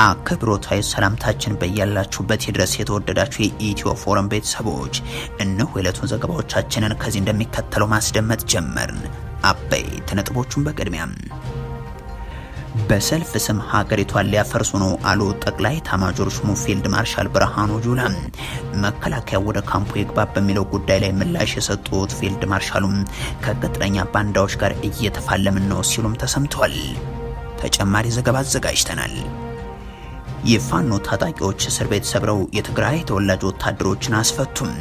አክብሮታዊ ሰላምታችን በያላችሁበት ድረስ የተወደዳችሁ የኢትዮ ፎረም ቤተሰቦች እነሆ የዕለቱን ዘገባዎቻችንን ከዚህ እንደሚከተለው ማስደመጥ ጀመርን። አበይት ነጥቦቹን በቅድሚያ በሰልፍ ስም ሀገሪቷን ሊያፈርሱ ነው አሉ ጠቅላይ ኤታማዦር ሹሙ ፊልድ ማርሻል ብርሃኑ ጁላ። መከላከያ ወደ ካምፑ ይግባ በሚለው ጉዳይ ላይ ምላሽ የሰጡት ፊልድ ማርሻሉም ከቅጥረኛ ባንዳዎች ጋር እየተፋለምን ነው ሲሉም ተሰምቷል። ተጨማሪ ዘገባ አዘጋጅተናል። የፋኖ ታጣቂዎች እስር ቤት ሰብረው የትግራይ ተወላጅ ወታደሮችን አስፈቱም።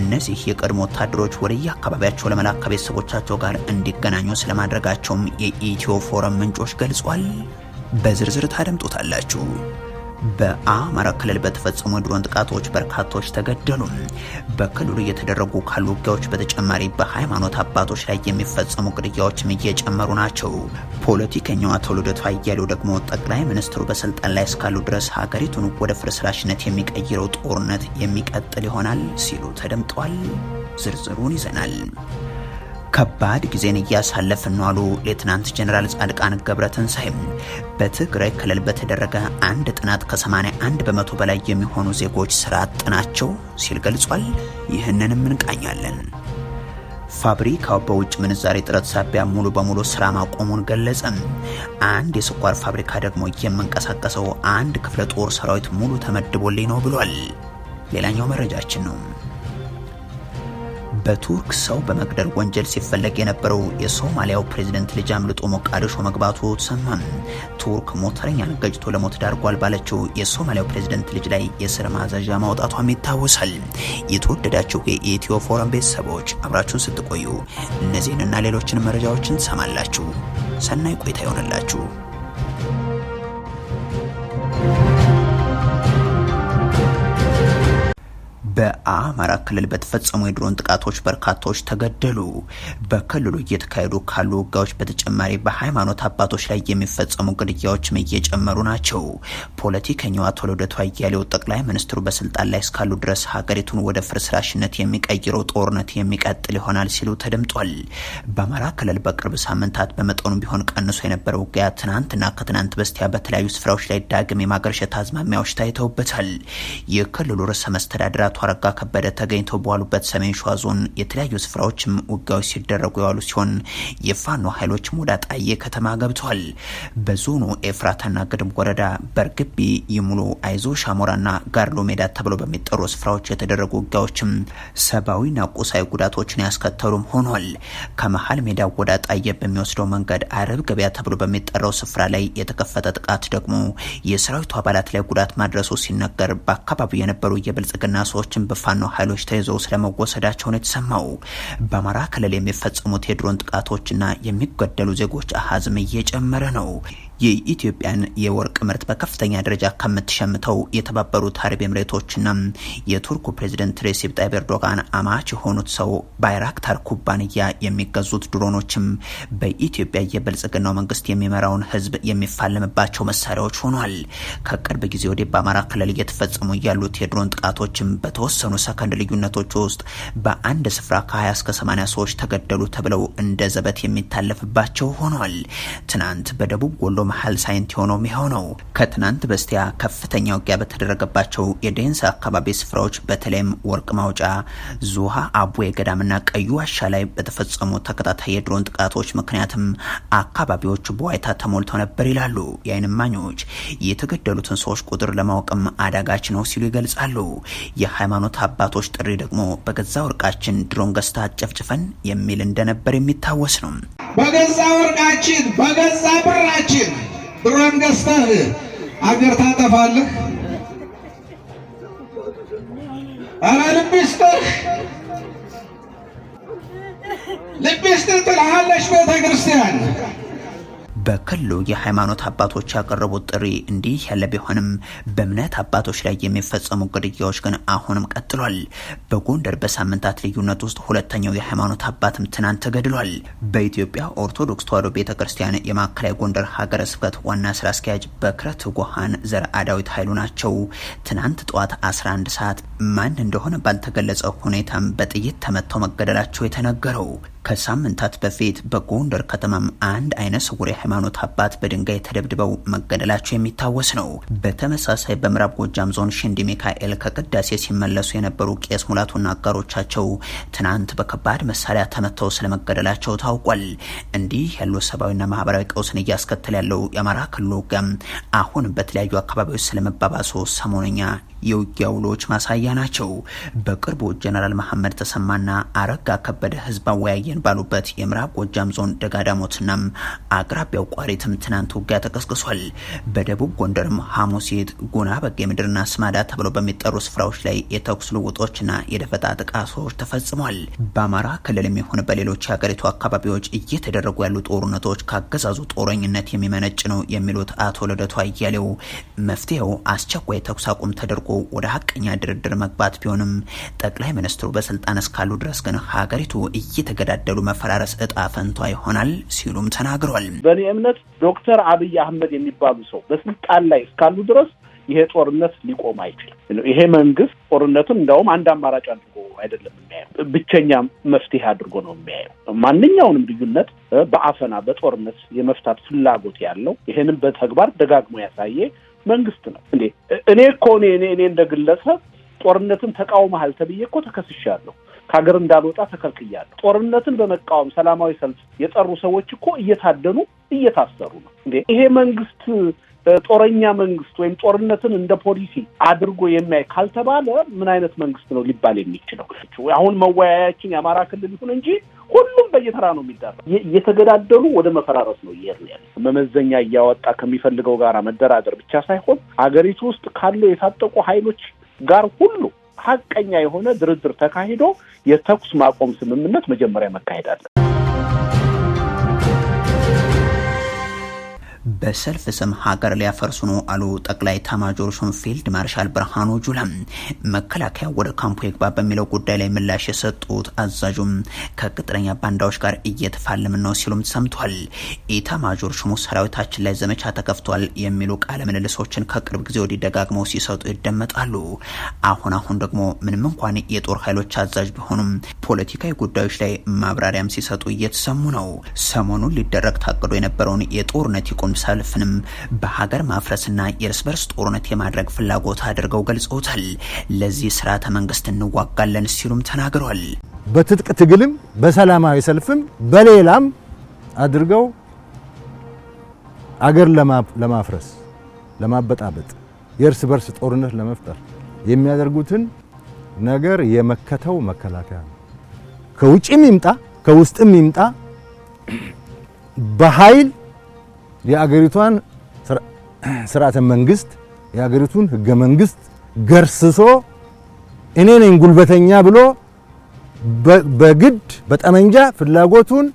እነዚህ የቀድሞ ወታደሮች ወደየአካባቢያቸው አካባቢያቸው ለመላክ ከቤተሰቦቻቸው ጋር እንዲገናኙ ስለማድረጋቸውም የኢትዮ ፎረም ምንጮች ገልጿል። በዝርዝር ታደምጡታላችሁ። በአማራ ክልል በተፈጸሙ የድሮን ጥቃቶች በርካቶች ተገደሉ። በክልሉ እየተደረጉ ካሉ ውጊያዎች በተጨማሪ በሃይማኖት አባቶች ላይ የሚፈጸሙ ግድያዎችም እየጨመሩ ናቸው። ፖለቲከኛው አቶ ልደቱ አያሌው ደግሞ ጠቅላይ ሚኒስትሩ በስልጣን ላይ እስካሉ ድረስ ሀገሪቱን ወደ ፍርስራሽነት የሚቀይረው ጦርነት የሚቀጥል ይሆናል ሲሉ ተደምጧል። ዝርዝሩን ይዘናል። ከባድ ጊዜን እያሳለፍን ነው አሉ ሌትናንት ጀኔራል ጻድቃን ገብረትንሳኤም። በትግራይ ክልል በተደረገ አንድ ጥናት ከ81 በመቶ በላይ የሚሆኑ ዜጎች ስራ አጥ ናቸው ሲል ገልጿል። ይህንንም እንቃኛለን። ፋብሪካው በውጭ ምንዛሬ ጥረት ሳቢያ ሙሉ በሙሉ ስራ ማቆሙን ገለጸም። አንድ የስኳር ፋብሪካ ደግሞ የምንቀሳቀሰው አንድ ክፍለ ጦር ሰራዊት ሙሉ ተመድቦልኝ ነው ብሏል። ሌላኛው መረጃችን ነው። በቱርክ ሰው በመግደል ወንጀል ሲፈለግ የነበረው የሶማሊያው ፕሬዝደንት ልጅ አምልጦ ሞቃዲሾ መግባቱ ተሰማም። ቱርክ ሞተረኛን ገጭቶ ለሞት ዳርጓል ባለችው የሶማሊያው ፕሬዝደንት ልጅ ላይ የስር ማዘዣ ማውጣቷም ይታወሳል። የተወደዳችሁ የኢትዮ ፎረም ቤተሰቦች አብራችሁን ስትቆዩ እነዚህንና ሌሎችን መረጃዎችን ትሰማላችሁ። ሰናይ ቆይታ ይሆንላችሁ። በአማራ ክልል በተፈጸሙ የድሮን ጥቃቶች በርካታዎች ተገደሉ። በክልሉ እየተካሄዱ ካሉ ውጋዎች በተጨማሪ በሃይማኖት አባቶች ላይ የሚፈጸሙ ግድያዎችም እየጨመሩ ናቸው። ፖለቲከኛው አቶ ልደቱ አያሌው ጠቅላይ ሚኒስትሩ በስልጣን ላይ እስካሉ ድረስ ሀገሪቱን ወደ ፍርስራሽነት የሚቀይረው ጦርነት የሚቀጥል ይሆናል ሲሉ ተደምጧል። በአማራ ክልል በቅርብ ሳምንታት በመጠኑ ቢሆን ቀንሶ የነበረው ውጊያ ትናንትና ከትናንት በስቲያ በተለያዩ ስፍራዎች ላይ ዳግም የማገርሸት አዝማሚያዎች ታይተውበታል። የክልሉ ርዕሰ መስተዳድር አቶ አረጋ ከበደ ተገኝተው በዋሉበት ሰሜን ሸዋ ዞን የተለያዩ ስፍራዎችም ውጊያዎች ሲደረጉ የዋሉ ሲሆን የፋኖ ኃይሎችም ወደ አጣዬ ከተማ ገብተዋል። በዞኑ ኤፍራታና ግድም ወረዳ በርግቢ ይሙሉ፣ አይዞ ሻሞራና ጋርሎ ሜዳ ተብሎ በሚጠሩ ስፍራዎች የተደረጉ ውጊያዎችም ሰብአዊና ቁሳዊ ጉዳቶችን ያስከተሉም ሆኗል። ከመሀል ሜዳ ወደ አጣዬ በሚወስደው መንገድ አረብ ገበያ ተብሎ በሚጠራው ስፍራ ላይ የተከፈተ ጥቃት ደግሞ የሰራዊቱ አባላት ላይ ጉዳት ማድረሱ ሲነገር በአካባቢው የነበሩ የብልጽግና ሰዎች እርምጃዎችን በፋኖ ኃይሎች ተይዘው ስለመወሰዳቸው ነው የተሰማው። በአማራ ክልል የሚፈጸሙት የድሮን ጥቃቶችና የሚገደሉ ዜጎች አሀዝም እየጨመረ ነው። የኢትዮጵያን የወርቅ ምርት በከፍተኛ ደረጃ ከምትሸምተው የተባበሩት አረብ ኤምሬቶችና የቱርኩ ፕሬዚደንት ሬሲፕ ጣይብ ኤርዶጋን አማች የሆኑት ሰው ባይራክታር ኩባንያ የሚገዙት ድሮኖችም በኢትዮጵያ የብልጽግናው መንግስት የሚመራውን ህዝብ የሚፋለምባቸው መሳሪያዎች ሆኗል። ከቅርብ ጊዜ ወዲህ በአማራ ክልል እየተፈጸሙ ያሉት የድሮን ጥቃቶችም በተወሰኑ ሰከንድ ልዩነቶች ውስጥ በአንድ ስፍራ ከ20 እስከ 80 ሰዎች ተገደሉ ተብለው እንደ ዘበት የሚታለፍባቸው ሆኗል። ትናንት በደቡብ ወሎ መሀል ሳይንት የሆነው ይኸው ነው። ከትናንት በስቲያ ከፍተኛ ውጊያ በተደረገባቸው የዴንሳ አካባቢ ስፍራዎች በተለይም ወርቅ ማውጫ፣ ዙሃ አቦ የገዳምና ቀዩ ዋሻ ላይ በተፈጸሙ ተከታታይ የድሮን ጥቃቶች ምክንያትም አካባቢዎቹ በዋይታ ተሞልተው ነበር ይላሉ የአይን እማኞች። የተገደሉትን ሰዎች ቁጥር ለማወቅም አዳጋች ነው ሲሉ ይገልጻሉ። የሃይማኖት አባቶች ጥሪ ደግሞ በገዛ ወርቃችን ድሮን ገዝታ ጨፍጭፈን የሚል እንደነበር የሚታወስ ነው። በገዛ ወርቃችን በገዛ ብራችን ብሩን ገዝተህ አገር ታጠፋለህ። ኧረ ልብ ይስጥህ ልብ ይስጥህ፣ ጥለሃለች ቤተ ክርስቲያን በክልሉ የሃይማኖት አባቶች ያቀረቡት ጥሪ እንዲህ ያለ ቢሆንም በእምነት አባቶች ላይ የሚፈጸሙ ግድያዎች ግን አሁንም ቀጥሏል። በጎንደር በሳምንታት ልዩነት ውስጥ ሁለተኛው የሃይማኖት አባትም ትናንት ተገድሏል። በኢትዮጵያ ኦርቶዶክስ ተዋሕዶ ቤተ ክርስቲያን የማዕከላዊ ጎንደር ሀገረ ስብከት ዋና ስራ አስኪያጅ በክረት ጎሃን ዘር አዳዊት ኃይሉ ናቸው። ትናንት ጠዋት 11 ሰዓት ማን እንደሆነ ባልተገለጸ ሁኔታም በጥይት ተመተው መገደላቸው የተነገረው ከሳምንታት በፊት በጎንደር ከተማም አንድ አይነ ስውር የሃይማኖት አባት በድንጋይ ተደብድበው መገደላቸው የሚታወስ ነው። በተመሳሳይ በምዕራብ ጎጃም ዞን ሽንዲ ሚካኤል ከቅዳሴ ሲመለሱ የነበሩ ቄስ ሙላቱና አጋሮቻቸው ትናንት በከባድ መሳሪያ ተመተው ስለመገደላቸው ታውቋል። እንዲህ ያሉ ሰብአዊና ማህበራዊ ቀውስን እያስከተለ ያለው የአማራ ክልል ውጊያም አሁን በተለያዩ አካባቢዎች ስለመባባሱ ሰሞነኛ የውጊያ ውሎች ማሳያ ናቸው። በቅርቡ ጀነራል መሐመድ ተሰማና አረጋ ከበደ ህዝብ አወያየ አየን ባሉበት የምዕራብ ጎጃም ዞን ደጋዳሞትና አቅራቢያው ቋሪትም ትናንት ውጊያ ተቀስቅሷል። በደቡብ ጎንደርም ሐሙሲት፣ ጉና በጌ ምድርና ስማዳ ተብለው በሚጠሩ ስፍራዎች ላይ የተኩስ ልውጦችና የደፈጣ ጥቃቶች ተፈጽሟል። በአማራ ክልል የሚሆን በሌሎች የሀገሪቱ አካባቢዎች እየተደረጉ ያሉ ጦርነቶች ካገዛዙ ጦረኝነት የሚመነጭ ነው የሚሉት አቶ ልደቱ አያሌው መፍትሄው አስቸኳይ ተኩስ አቁም ተደርጎ ወደ ሀቀኛ ድርድር መግባት ቢሆንም ጠቅላይ ሚኒስትሩ በስልጣን እስካሉ ድረስ ግን ሀገሪቱ እየተገዳ የሚጋደሉ መፈራረስ እጣ ፈንቷ ይሆናል ሲሉም ተናግሯል። በእኔ እምነት ዶክተር አብይ አህመድ የሚባሉ ሰው በስልጣን ላይ እስካሉ ድረስ ይሄ ጦርነት ሊቆም አይችልም። ይሄ መንግስት ጦርነቱን እንዳውም አንድ አማራጭ አድርጎ አይደለም የሚያየው፣ ብቸኛ መፍትሄ አድርጎ ነው የሚያየው። ማንኛውንም ልዩነት በአፈና በጦርነት የመፍታት ፍላጎት ያለው ይሄንም በተግባር ደጋግሞ ያሳየ መንግስት ነው። እንዴ እኔ እኮ እኔ እኔ እንደ ግለሰብ ጦርነትን ተቃውመሃል ተብዬ እኮ ተከስሻለሁ። ከሀገር እንዳልወጣ ተከልክያለሁ። ጦርነትን በመቃወም ሰላማዊ ሰልፍ የጠሩ ሰዎች እኮ እየታደኑ እየታሰሩ ነው እንዴ! ይሄ መንግስት ጦረኛ መንግስት ወይም ጦርነትን እንደ ፖሊሲ አድርጎ የሚያይ ካልተባለ ምን አይነት መንግስት ነው ሊባል የሚችለው? አሁን መወያያችን የአማራ ክልል ይሁን እንጂ ሁሉም በየተራ ነው የሚዳራ። እየተገዳደሉ ወደ መፈራረስ ነው እየሄድን ያለ። መመዘኛ እያወጣ ከሚፈልገው ጋር መደራደር ብቻ ሳይሆን ሀገሪቱ ውስጥ ካለው የታጠቁ ኃይሎች ጋር ሁሉ ሀቀኛ የሆነ ድርድር ተካሂዶ የተኩስ ማቆም ስምምነት መጀመሪያ መካሄድ አለ። በሰልፍ ስም ሀገር ሊያፈርሱ ነው አሉ ጠቅላይ ኤታማዦር ሹም ፊልድ ማርሻል ብርሃኑ ጁላ። መከላከያ ወደ ካምፑ ይግባ በሚለው ጉዳይ ላይ ምላሽ የሰጡት አዛዡም ከቅጥረኛ ባንዳዎች ጋር እየተፋለምን ነው ሲሉም ሰምቷል። ኤታማዦር ሹሙ ሰራዊታችን ላይ ዘመቻ ተከፍቷል የሚሉ ቃለ ምልልሶችን ከቅርብ ጊዜ ወዲህ ደጋግመው ሲሰጡ ይደመጣሉ። አሁን አሁን ደግሞ ምንም እንኳን የጦር ኃይሎች አዛዥ ቢሆኑም ፖለቲካዊ ጉዳዮች ላይ ማብራሪያም ሲሰጡ እየተሰሙ ነው። ሰሞኑን ሊደረግ ታቅዶ የነበረውን የጦርነት ይቁም ሰልፍንም በሀገር ማፍረስና የእርስ በርስ ጦርነት የማድረግ ፍላጎት አድርገው ገልጸውታል። ለዚህ ስርዓተ መንግስት እንዋጋለን ሲሉም ተናግረዋል። በትጥቅ ትግልም በሰላማዊ ሰልፍም በሌላም አድርገው አገር ለማፍረስ ለማበጣበጥ የእርስ በርስ ጦርነት ለመፍጠር የሚያደርጉትን ነገር የመከተው መከላከያ ነው። ከውጭም ይምጣ ከውስጥም ይምጣ በኃይል የአገሪቷን ስርዓተ መንግስት የአገሪቱን ህገ መንግስት ገርስሶ እኔ ነኝ ጉልበተኛ ብሎ በግድ በጠመንጃ ፍላጎቱን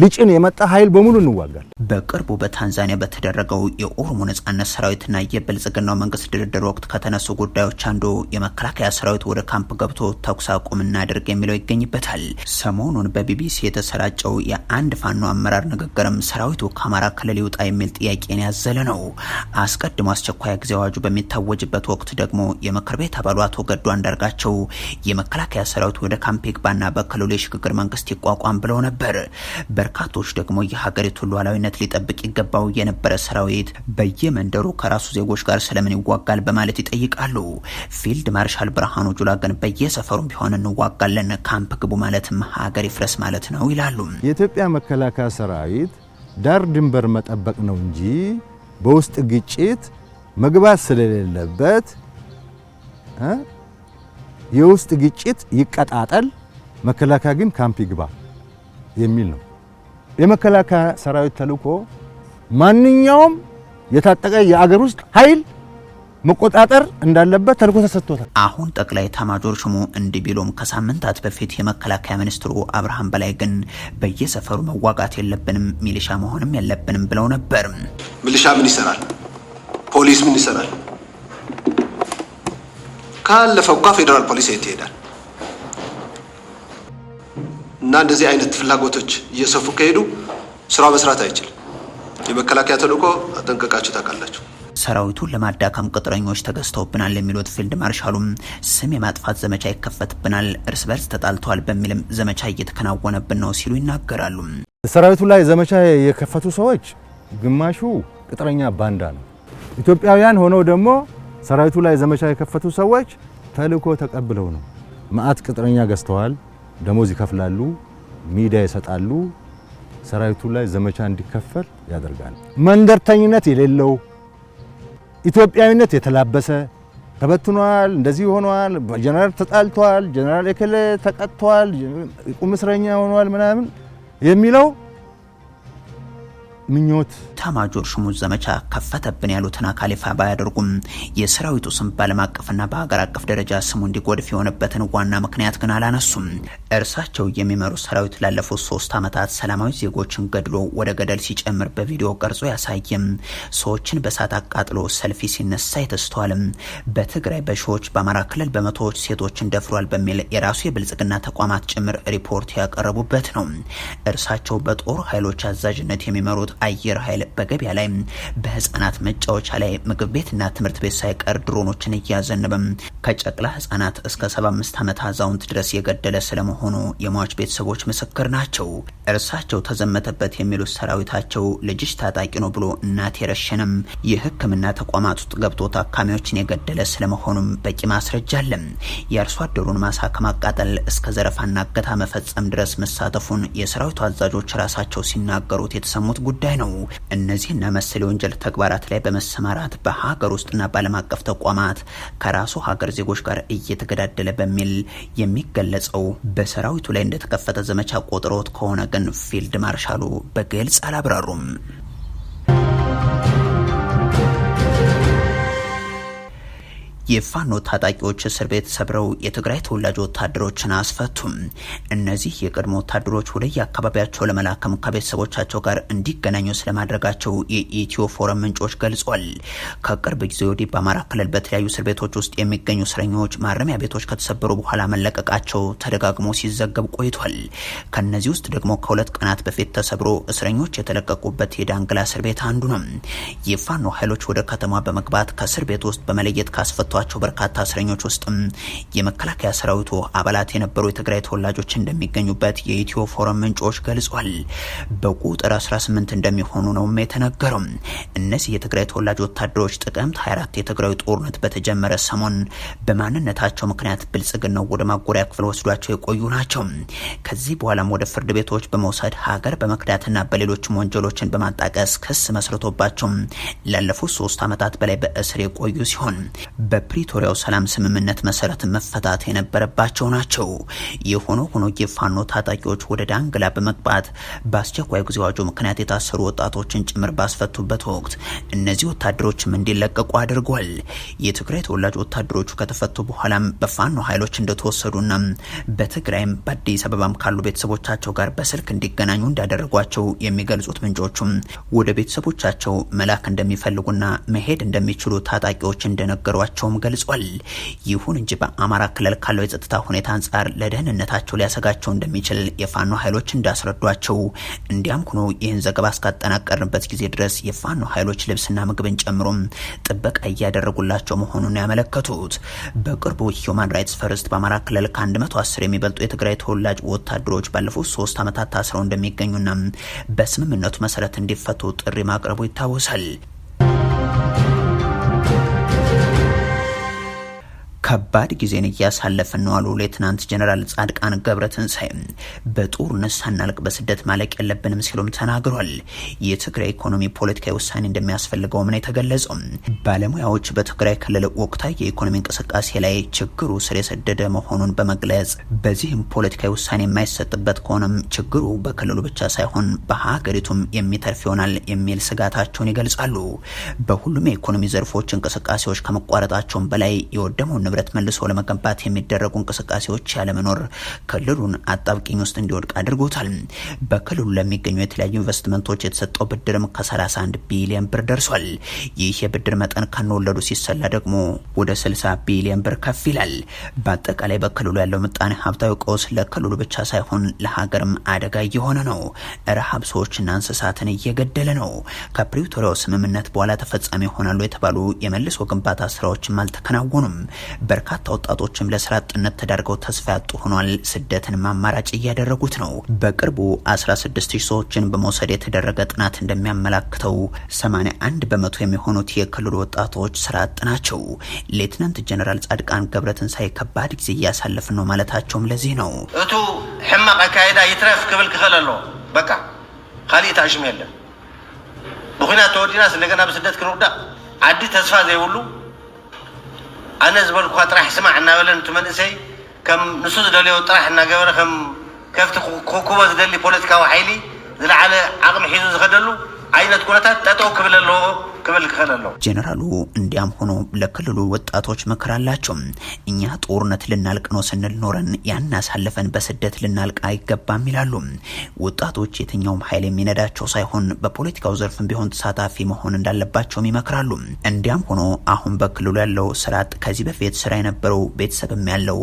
ልጭን የመጣ ኃይል በሙሉ እንዋጋል። በቅርቡ በታንዛኒያ በተደረገው የኦሮሞ ነጻነት ሰራዊትና የብልጽግናው መንግስት ድርድር ወቅት ከተነሱ ጉዳዮች አንዱ የመከላከያ ሰራዊት ወደ ካምፕ ገብቶ ተኩስ አቁም እናድርግ የሚለው ይገኝበታል። ሰሞኑን በቢቢሲ የተሰራጨው የአንድ ፋኖ አመራር ንግግርም ሰራዊቱ ከአማራ ክልል ይውጣ የሚል ጥያቄን ያዘለ ነው። አስቀድሞ አስቸኳይ ጊዜ አዋጁ በሚታወጅበት ወቅት ደግሞ የምክር ቤት አባሉ አቶ ገዱ አንዳርጋቸው የመከላከያ ሰራዊት ወደ ካምፕ ይግባና በክልሉ የሽግግር መንግስት ይቋቋም ብለው ነበር። በርካቶች ደግሞ የሀገሪቱን ሉዓላዊነት ሊጠብቅ ይገባው የነበረ ሰራዊት በየመንደሩ ከራሱ ዜጎች ጋር ስለምን ይዋጋል በማለት ይጠይቃሉ። ፊልድ ማርሻል ብርሃኑ ጁላ ግን በየሰፈሩም ቢሆን እንዋጋለን፣ ካምፕ ግቡ ማለትም ሀገር ይፍረስ ማለት ነው ይላሉ። የኢትዮጵያ መከላከያ ሰራዊት ዳር ድንበር መጠበቅ ነው እንጂ በውስጥ ግጭት መግባት ስለሌለበት የውስጥ ግጭት ይቀጣጠል፣ መከላከያ ግን ካምፕ ይግባ የሚል ነው። የመከላከያ ሰራዊት ተልእኮ ማንኛውም የታጠቀ የአገር ውስጥ ኃይል መቆጣጠር እንዳለበት ተልእኮ ተሰጥቶታል። አሁን ጠቅላይ ኤታማዦር ሹሙ እንዲህ ቢሉም ከሳምንታት በፊት የመከላከያ ሚኒስትሩ አብርሃም በላይ ግን በየሰፈሩ መዋጋት የለብንም ሚሊሻ መሆንም የለብንም ብለው ነበር። ሚሊሻ ምን ይሰራል? ፖሊስ ምን ይሰራል? ካለፈው ጋ ፌዴራል ፖሊስ የት ይሄዳል? እና እንደዚህ አይነት ፍላጎቶች እየሰፉ ከሄዱ ስራ መስራት አይችልም። የመከላከያ ተልኮ አጠንቀቃችሁ ታውቃላችሁ። ሰራዊቱን ለማዳከም ቅጥረኞች ተገዝተውብናል የሚሉት ፊልድ ማርሻሉም ስም የማጥፋት ዘመቻ ይከፈትብናል፣ እርስ በርስ ተጣልተዋል በሚልም ዘመቻ እየተከናወነብን ነው ሲሉ ይናገራሉ። ሰራዊቱ ላይ ዘመቻ የከፈቱ ሰዎች ግማሹ ቅጥረኛ ባንዳ ነው። ኢትዮጵያውያን ሆነው ደግሞ ሰራዊቱ ላይ ዘመቻ የከፈቱ ሰዎች ተልዕኮ ተቀብለው ነው። ማአት ቅጥረኛ ገዝተዋል። ደሞዝ ይከፍላሉ፣ ሚዲያ ይሰጣሉ፣ ሰራዊቱ ላይ ዘመቻ እንዲከፈል ያደርጋል። መንደርተኝነት የሌለው ኢትዮጵያዊነት የተላበሰ ተበትኗል፣ እንደዚህ ሆኗል፣ ጀነራል ተጣልቷል፣ ጀነራል እከሌ ተቀጥቷል፣ ቁም እስረኛ ሆኗል ምናምን የሚለው ምኞት ታማጆር ሹሙን ዘመቻ ከፈተብን ያሉትን አካል ይፋ ባያደርጉም የሰራዊቱ ስም በዓለም አቀፍና በሀገር አቀፍ ደረጃ ስሙ እንዲጎድፍ የሆነበትን ዋና ምክንያት ግን አላነሱም። እርሳቸው የሚመሩ ሰራዊት ላለፉት ሶስት ዓመታት ሰላማዊ ዜጎችን ገድሎ ወደ ገደል ሲጨምር በቪዲዮ ቀርጾ ያሳየም፣ ሰዎችን በእሳት አቃጥሎ ሰልፊ ሲነሳ አይተስተዋልም። በትግራይ በሺዎች በአማራ ክልል በመቶዎች ሴቶችን ደፍሯል በሚል የራሱ የብልጽግና ተቋማት ጭምር ሪፖርት ያቀረቡበት ነው። እርሳቸው በጦር ኃይሎች አዛዥነት የሚመሩት አየር ኃይል በገበያ ላይ፣ በህፃናት መጫወቻ ላይ፣ ምግብ ቤትና ትምህርት ቤት ሳይቀር ድሮኖችን እያዘነበም ከጨቅላ ህጻናት እስከ 75 ዓመት አዛውንት ድረስ የገደለ ስለመሆኑ የሟች ቤተሰቦች ምስክር ናቸው። እርሳቸው ተዘመተበት የሚሉት ሰራዊታቸው ልጅሽ ታጣቂ ነው ብሎ እናት የረሸነም የህክምና ተቋማት ውስጥ ገብቶ ታካሚዎችን የገደለ ስለመሆኑም በቂ ማስረጃ አለም። የአርሶ አደሩን ማሳ ከማቃጠል እስከ ዘረፋና እገታ መፈጸም ድረስ መሳተፉን የሰራዊቱ አዛዦች ራሳቸው ሲናገሩት የተሰሙት ጉዳይ ጉዳይ ነው። እነዚህና መሰል የወንጀል ተግባራት ላይ በመሰማራት በሀገር ውስጥና በዓለም አቀፍ ተቋማት ከራሱ ሀገር ዜጎች ጋር እየተገዳደለ በሚል የሚገለጸው በሰራዊቱ ላይ እንደተከፈተ ዘመቻ ቆጥሮት ከሆነ ግን ፊልድ ማርሻሉ በግልጽ አላብራሩም። የፋኖ ታጣቂዎች እስር ቤት ሰብረው የትግራይ ተወላጅ ወታደሮችን አስፈቱም። እነዚህ የቀድሞ ወታደሮች ወደ የአካባቢያቸው ለመላከም ከቤተሰቦቻቸው ጋር እንዲገናኙ ስለማድረጋቸው የኢትዮ ፎረም ምንጮች ገልጿል። ከቅርብ ጊዜ ወዲህ በአማራ ክልል በተለያዩ እስር ቤቶች ውስጥ የሚገኙ እስረኞች ማረሚያ ቤቶች ከተሰበሩ በኋላ መለቀቃቸው ተደጋግሞ ሲዘገብ ቆይቷል። ከእነዚህ ውስጥ ደግሞ ከሁለት ቀናት በፊት ተሰብሮ እስረኞች የተለቀቁበት የዳንግላ እስር ቤት አንዱ ነው። የፋኖ ኃይሎች ወደ ከተማ በመግባት ከእስር ቤት ውስጥ በመለየት ካስፈቱ ከፈቷቸው በርካታ እስረኞች ውስጥም የመከላከያ ሰራዊቱ አባላት የነበሩ የትግራይ ተወላጆች እንደሚገኙበት የኢትዮ ፎረም ምንጮች ገልጿል። በቁጥር 18 እንደሚሆኑ ነውም የተነገረው። እነዚህ የትግራይ ተወላጅ ወታደሮች ጥቅምት 24 የትግራይ ጦርነት በተጀመረ ሰሞን በማንነታቸው ምክንያት ብልጽግናው ወደ ማጎሪያ ክፍል ወስዷቸው የቆዩ ናቸው። ከዚህ በኋላም ወደ ፍርድ ቤቶች በመውሰድ ሀገር በመክዳትና በሌሎችም ወንጀሎችን በማጣቀስ ክስ መስርቶባቸው ላለፉት ሶስት ዓመታት በላይ በእስር የቆዩ ሲሆን በፕሪቶሪያው ሰላም ስምምነት መሰረት መፈታት የነበረባቸው ናቸው። የሆነ ሆኖ የፋኖ ታጣቂዎች ወደ ዳንግላ በመግባት በአስቸኳይ ጊዜ አዋጁ ምክንያት የታሰሩ ወጣቶችን ጭምር ባስፈቱበት ወቅት እነዚህ ወታደሮችም እንዲለቀቁ አድርጓል። የትግራይ ተወላጅ ወታደሮቹ ከተፈቱ በኋላም በፋኖ ኃይሎች እንደተወሰዱና በትግራይም በአዲስ አበባም ካሉ ቤተሰቦቻቸው ጋር በስልክ እንዲገናኙ እንዳደረጓቸው የሚገልጹት ምንጮቹም ወደ ቤተሰቦቻቸው መላክ እንደሚፈልጉና መሄድ እንደሚችሉ ታጣቂዎች እንደነገሯቸው እንደሚሰራውም ገልጿል። ይሁን እንጂ በአማራ ክልል ካለው የጸጥታ ሁኔታ አንጻር ለደህንነታቸው ሊያሰጋቸው እንደሚችል የፋኖ ኃይሎች እንዳስረዷቸው፣ እንዲያም ሆኖ ይህን ዘገባ እስካጠናቀርንበት ጊዜ ድረስ የፋኖ ኃይሎች ልብስና ምግብን ጨምሮም ጥበቃ እያደረጉላቸው መሆኑን ያመለከቱት በቅርቡ ሂውማን ራይትስ ፈርስት በአማራ ክልል ከ110 የሚበልጡ የትግራይ ተወላጅ ወታደሮች ባለፉት ሶስት ዓመታት ታስረው እንደሚገኙና በስምምነቱ መሰረት እንዲፈቱ ጥሪ ማቅረቡ ይታወሳል። ከባድ ጊዜን እያሳለፍን ነው አሉ ሌትናንት ጀነራል ጻድቃን ገብረትንሳኤ። በጦርነት ሳናልቅ በስደት ማለቅ የለብንም ሲሉም ተናግሯል። የትግራይ ኢኮኖሚ ፖለቲካዊ ውሳኔ እንደሚያስፈልገውም ነው የተገለጸው። ባለሙያዎች በትግራይ ክልል ወቅታዊ የኢኮኖሚ እንቅስቃሴ ላይ ችግሩ ስር የሰደደ መሆኑን በመግለጽ በዚህም ፖለቲካዊ ውሳኔ የማይሰጥበት ከሆነም ችግሩ በክልሉ ብቻ ሳይሆን በሀገሪቱም የሚተርፍ ይሆናል የሚል ስጋታቸውን ይገልጻሉ። በሁሉም የኢኮኖሚ ዘርፎች እንቅስቃሴዎች ከመቋረጣቸውም በላይ የወደመውን ንብረት መልሶ ለመገንባት የሚደረጉ እንቅስቃሴዎች ያለመኖር ክልሉን አጣብቂኝ ውስጥ እንዲወድቅ አድርጎታል። በክልሉ ለሚገኙ የተለያዩ ኢንቨስትመንቶች የተሰጠው ብድርም ከ31 ቢሊዮን ብር ደርሷል። ይህ የብድር መጠን ከነወለዱ ሲሰላ ደግሞ ወደ 60 ቢሊዮን ብር ከፍ ይላል። በአጠቃላይ በክልሉ ያለው ምጣኔ ሀብታዊ ቀውስ ለክልሉ ብቻ ሳይሆን ለሀገርም አደጋ እየሆነ ነው። ረሃብ ሰዎችና እንስሳትን እየገደለ ነው። ከፕሪቶሪያው ስምምነት በኋላ ተፈጻሚ ይሆናሉ የተባሉ የመልሶ ግንባታ ስራዎችም አልተከናወኑም። በርካታ ወጣቶችም ለስራ አጥነት ተዳርገው ተስፋ ያጡ ሆኗል። ስደትን አማራጭ እያደረጉት ነው። በቅርቡ 16 ሺህ ሰዎችን በመውሰድ የተደረገ ጥናት እንደሚያመላክተው 81 በመቶ የሚሆኑት የክልሉ ወጣቶች ስራ አጥ ናቸው። ሌትናንት ጀነራል ጻድቃን ገብረትንሳኤ ከባድ ጊዜ እያሳለፍን ነው ማለታቸውም ለዚህ ነው። እቱ ሕማቅ አካይዳ ይትረፍ ክብል ክፈል ኣሎ በቃ ካሊእ ተኣሽም የለን ብኩናት ተወዲና እንደገና ብስደት ክንውዳእ ዓዲ ተስፋ ዘይብሉ ኣነ ዝበልኩ ጥራሕ ስማዕ እናበለን እቲ መንእሰይ ከም ንሱ ዝደልዮ ጥራሕ እናገበረ ከም ከፍቲ ክኩቦ ዝደሊ ፖለቲካዊ ሓይሊ ዝለዓለ ዓቕሚ ሒዙ ዝኸደሉ ዓይነት ኩነታት ጠጠው ክብል ኣለዎ ክብል ክልል ጄኔራሉ እንዲያም ሆኖ ለክልሉ ወጣቶች ምክር አላቸው። እኛ ጦርነት ልናልቅ ነው ስንል ኖረን ያናሳልፈን በስደት ልናልቅ አይገባም ይላሉ። ወጣቶች የትኛውም ኃይል የሚነዳቸው ሳይሆን በፖለቲካው ዘርፍም ቢሆን ተሳታፊ መሆን እንዳለባቸውም ይመክራሉ። እንዲያም ሆኖ አሁን በክልሉ ያለው ስርዓት ከዚህ በፊት ስራ የነበረው ቤተሰብም ያለው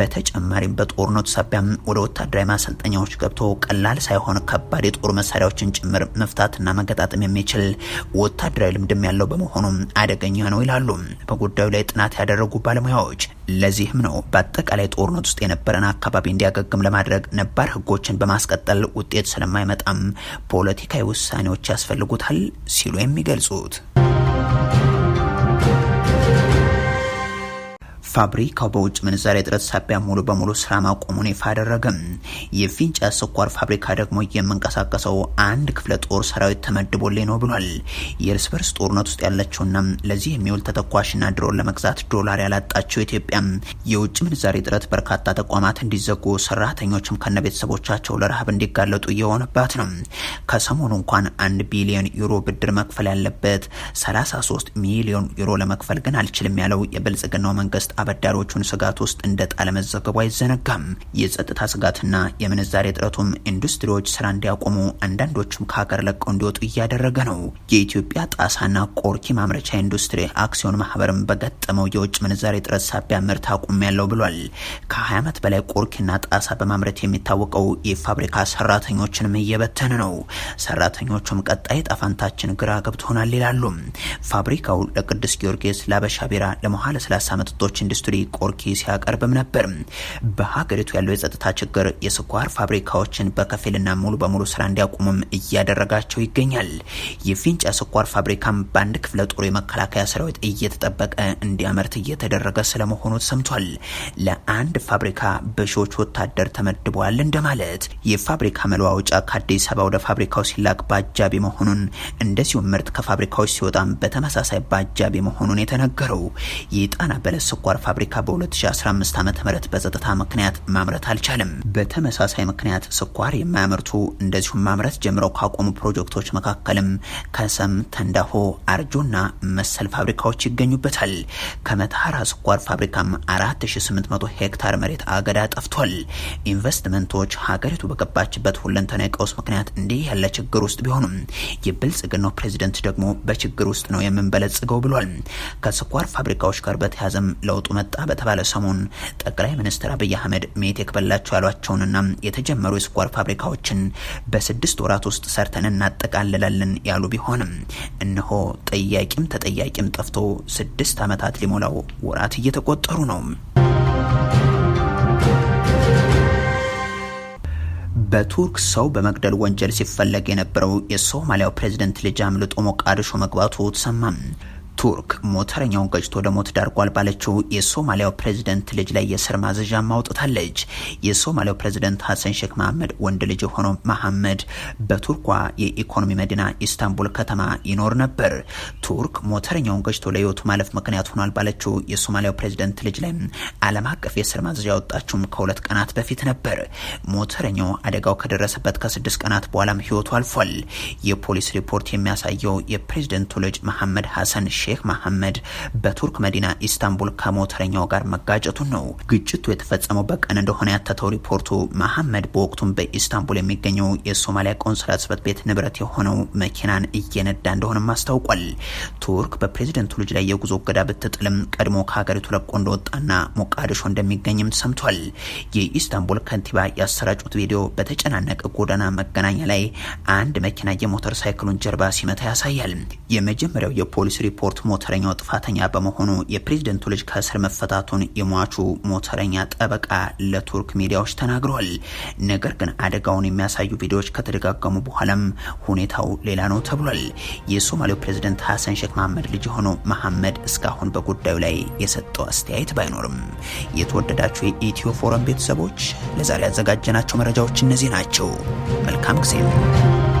በተጨማሪም በጦርነቱ ሳቢያም ወደ ወታደራዊ ማሰልጠኛዎች ገብቶ ቀላል ሳይሆን ከባድ የጦር መሳሪያዎችን ጭምር መፍታትና መገጣጠም የሚችል ወታደራዊ ልምድም ያለው በመሆኑም አደገኛ ነው ይላሉ በጉዳዩ ላይ ጥናት ያደረጉ ባለሙያዎች። ለዚህም ነው በአጠቃላይ ጦርነት ውስጥ የነበረን አካባቢ እንዲያገግም ለማድረግ ነባር ህጎችን በማስቀጠል ውጤት ስለማይመጣም ፖለቲካዊ ውሳኔዎች ያስፈልጉታል ሲሉ የሚገልጹት። ፋብሪካው በውጭ ምንዛሬ እጥረት ሳቢያ ሙሉ በሙሉ ስራ ማቆሙን ይፋ አደረገም። የፊንጫ ስኳር ፋብሪካ ደግሞ የምንቀሳቀሰው አንድ ክፍለ ጦር ሰራዊት ተመድቦልኝ ነው ብሏል። የእርስ በርስ ጦርነት ውስጥ ያለችውና ለዚህ የሚውል ተተኳሽና ድሮን ለመግዛት ዶላር ያላጣቸው ኢትዮጵያ የውጭ ምንዛሬ እጥረት በርካታ ተቋማት እንዲዘጉ፣ ሰራተኞችም ከነ ቤተሰቦቻቸው ለረሃብ እንዲጋለጡ እየሆነባት ነው። ከሰሞኑ እንኳን አንድ ቢሊዮን ዩሮ ብድር መክፈል ያለበት 33 ሚሊዮን ዩሮ ለመክፈል ግን አልችልም ያለው የብልጽግናው መንግስት አበዳሪዎቹን ስጋት ውስጥ እንደጣለ መዘገቡ አይዘነጋም። የጸጥታ ስጋትና የምንዛሬ እጥረቱም ኢንዱስትሪዎች ስራ እንዲያቆሙ፣ አንዳንዶቹም ከሀገር ለቀው እንዲወጡ እያደረገ ነው። የኢትዮጵያ ጣሳና ቆርኪ ማምረቻ ኢንዱስትሪ አክሲዮን ማህበርም በገጠመው የውጭ ምንዛሬ እጥረት ሳቢያ ምርት አቁም ያለው ብሏል። ከ20 ዓመት በላይ ቆርኪና ጣሳ በማምረት የሚታወቀው የፋብሪካ ሰራተኞችንም እየበተነ ነው። ሰራተኞቹም ቀጣይ ጣፋንታችን ግራ ገብቶናል ይላሉ። ፋብሪካው ለቅዱስ ጊዮርጊስ፣ ለአበሻ ቢራ፣ ለመሀል ስላሳ መጠጦችን ኢንዱስትሪ ቆርኪ ሲያቀርብም ነበር። በሀገሪቱ ያለው የጸጥታ ችግር የስኳር ፋብሪካዎችን በከፊልና ሙሉ በሙሉ ስራ እንዲያቆሙም እያደረጋቸው ይገኛል። የፊንጫ ስኳር ፋብሪካም በአንድ ክፍለ ጦር የመከላከያ ሰራዊት እየተጠበቀ እንዲያመርት እየተደረገ ስለመሆኑ ሰምቷል። ለአንድ ፋብሪካ በሺዎች ወታደር ተመድበዋል እንደማለት። የፋብሪካ መለዋወጫ ከአዲስ አበባ ወደ ፋብሪካው ሲላክ በአጃቢ መሆኑን እንደዚሁም ምርት ከፋብሪካዎች ሲወጣም በተመሳሳይ በአጃቢ መሆኑን የተነገረው የጣና በለስ ስኳር ስኳር ፋብሪካ በ2015 ዓ ም በጸጥታ ምክንያት ማምረት አልቻለም። በተመሳሳይ ምክንያት ስኳር የማያመርቱ እንደዚሁም ማምረት ጀምረው ካቆሙ ፕሮጀክቶች መካከልም ከሰም፣ ተንዳሆ፣ አርጆና መሰል ፋብሪካዎች ይገኙበታል። ከመተሐራ ስኳር ፋብሪካም 4800 ሄክታር መሬት አገዳ ጠፍቷል። ኢንቨስትመንቶች ሀገሪቱ በገባችበት ሁለንተናዊ ቀውስ ምክንያት እንዲህ ያለ ችግር ውስጥ ቢሆኑም የብልጽግናው ፕሬዚደንት ደግሞ በችግር ውስጥ ነው የምንበለጽገው ብሏል። ከስኳር ፋብሪካዎች ጋር በተያዘም ለውጥ ለውጡ መጣ በተባለ ሰሞን ጠቅላይ ሚኒስትር አብይ አህመድ ሜቴክ በላቸው ያሏቸውንና የተጀመሩ የስኳር ፋብሪካዎችን በስድስት ወራት ውስጥ ሰርተን እናጠቃልላለን ያሉ ቢሆንም እነሆ ጠያቂም ተጠያቂም ጠፍቶ ስድስት ዓመታት ሊሞላው ወራት እየተቆጠሩ ነው። በቱርክ ሰው በመግደል ወንጀል ሲፈለግ የነበረው የሶማሊያው ፕሬዝደንት ልጅ አምልጦ ሞቃዲሾ መግባቱ ተሰማም። ቱርክ ሞተረኛውን ገጭቶ ለሞት ዳርጓል ባለችው የሶማሊያው ፕሬዝደንት ልጅ ላይ የእስር ማዘዣ አውጥታለች። የሶማሊያው ፕሬዝደንት ሀሰን ሼክ መሐመድ ወንድ ልጅ የሆነው መሐመድ በቱርኳ የኢኮኖሚ መዲና ኢስታንቡል ከተማ ይኖር ነበር። ቱርክ ሞተረኛውን ገጭቶ ለህይወቱ ማለፍ ምክንያት ሆኗል ባለችው የሶማሊያው ፕሬዝደንት ልጅ ላይ ዓለም አቀፍ የእስር ማዘዣ ያወጣችውም ከሁለት ቀናት በፊት ነበር። ሞተረኛው አደጋው ከደረሰበት ከስድስት ቀናት በኋላም ህይወቱ አልፏል። የፖሊስ ሪፖርት የሚያሳየው የፕሬዝደንቱ ልጅ መሐመድ ሀሰን ሼክ መሐመድ በቱርክ መዲና ኢስታንቡል ከሞተረኛው ጋር መጋጨቱን ነው። ግጭቱ የተፈጸመው በቀን እንደሆነ ያተተው ሪፖርቱ መሐመድ በወቅቱም በኢስታንቡል የሚገኘው የሶማሊያ ቆንስላ ጽሕፈት ቤት ንብረት የሆነው መኪናን እየነዳ እንደሆነም አስታውቋል። ቱርክ በፕሬዝደንቱ ልጅ ላይ የጉዞ እገዳ ብትጥልም ቀድሞ ከሀገሪቱ ለቆ እንደወጣና ሞቃዲሾ እንደሚገኝም ሰምቷል። የኢስታንቡል ከንቲባ ያሰራጩት ቪዲዮ በተጨናነቀ ጎዳና መገናኛ ላይ አንድ መኪና የሞተር ሳይክሉን ጀርባ ሲመታ ያሳያል። የመጀመሪያው የፖሊስ ሪፖርት የሞት ሞተረኛው ጥፋተኛ በመሆኑ የፕሬዝደንቱ ልጅ ከእስር መፈታቱን የሟቹ ሞተረኛ ጠበቃ ለቱርክ ሚዲያዎች ተናግረዋል። ነገር ግን አደጋውን የሚያሳዩ ቪዲዮዎች ከተደጋገሙ በኋላም ሁኔታው ሌላ ነው ተብሏል። የሶማሌው ፕሬዝደንት ሀሰን ሼክ መሐመድ ልጅ የሆኑ መሐመድ እስካሁን በጉዳዩ ላይ የሰጠው አስተያየት ባይኖርም የተወደዳችሁ የኢትዮ ፎረም ቤተሰቦች ለዛሬ ያዘጋጀናቸው መረጃዎች እነዚህ ናቸው። መልካም ጊዜ ነው።